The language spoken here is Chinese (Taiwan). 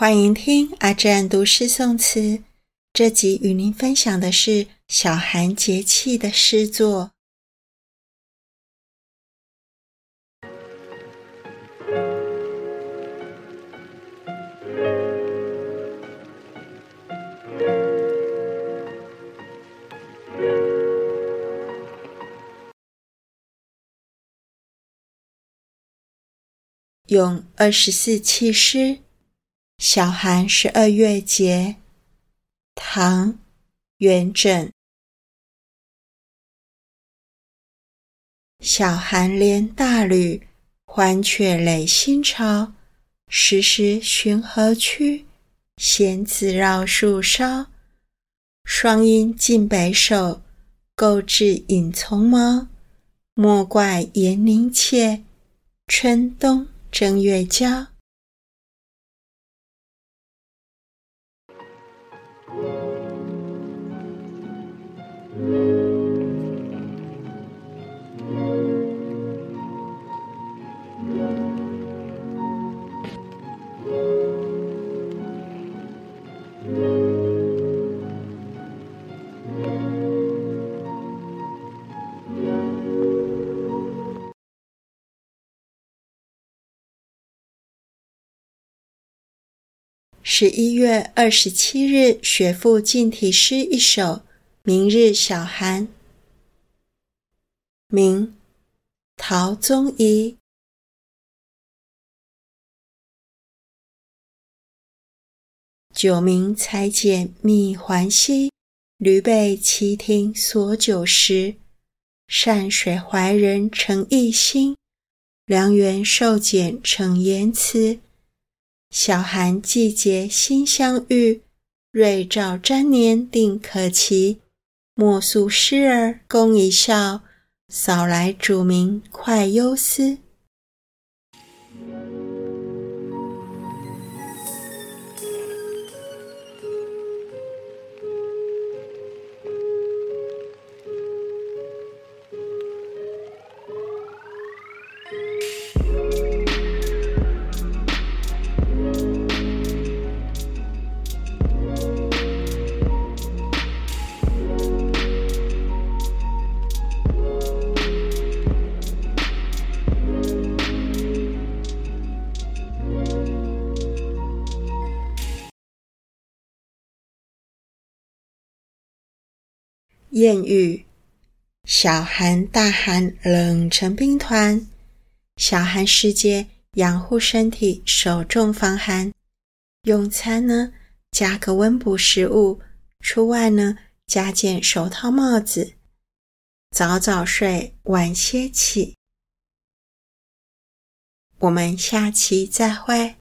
歡迎聽阿占讀詩宋詞。這集與您分享的是小寒節氣的詩作，《詠二十四氣詩》。小寒十二月節，唐·元稹。小寒連大呂，歡鵲壘新巢。拾食尋河曲，銜紫繞樹梢。霜鷹近北首，雊雉隱叢茅。莫怪嚴凝切，春冬正月交。十一月二十七日，雪賦禁體詩一首。明日小寒，明，陶宗儀。九冥裁剪密還稀，驢背旗亭索酒時。剡水懷人乘逸興，梁園授簡騁妍詞。小寒紀節欣相遇，瑞兆占年定可期。莫塑獅兒供一笑，掃來煮茗快幽思。諺語，小寒大寒，冷成冰團；小寒時節，養護身體，手重防寒。用餐呢，加個溫補食物；出外呢，加件手套、帽子。早早睡，晚些起。我們下期再會。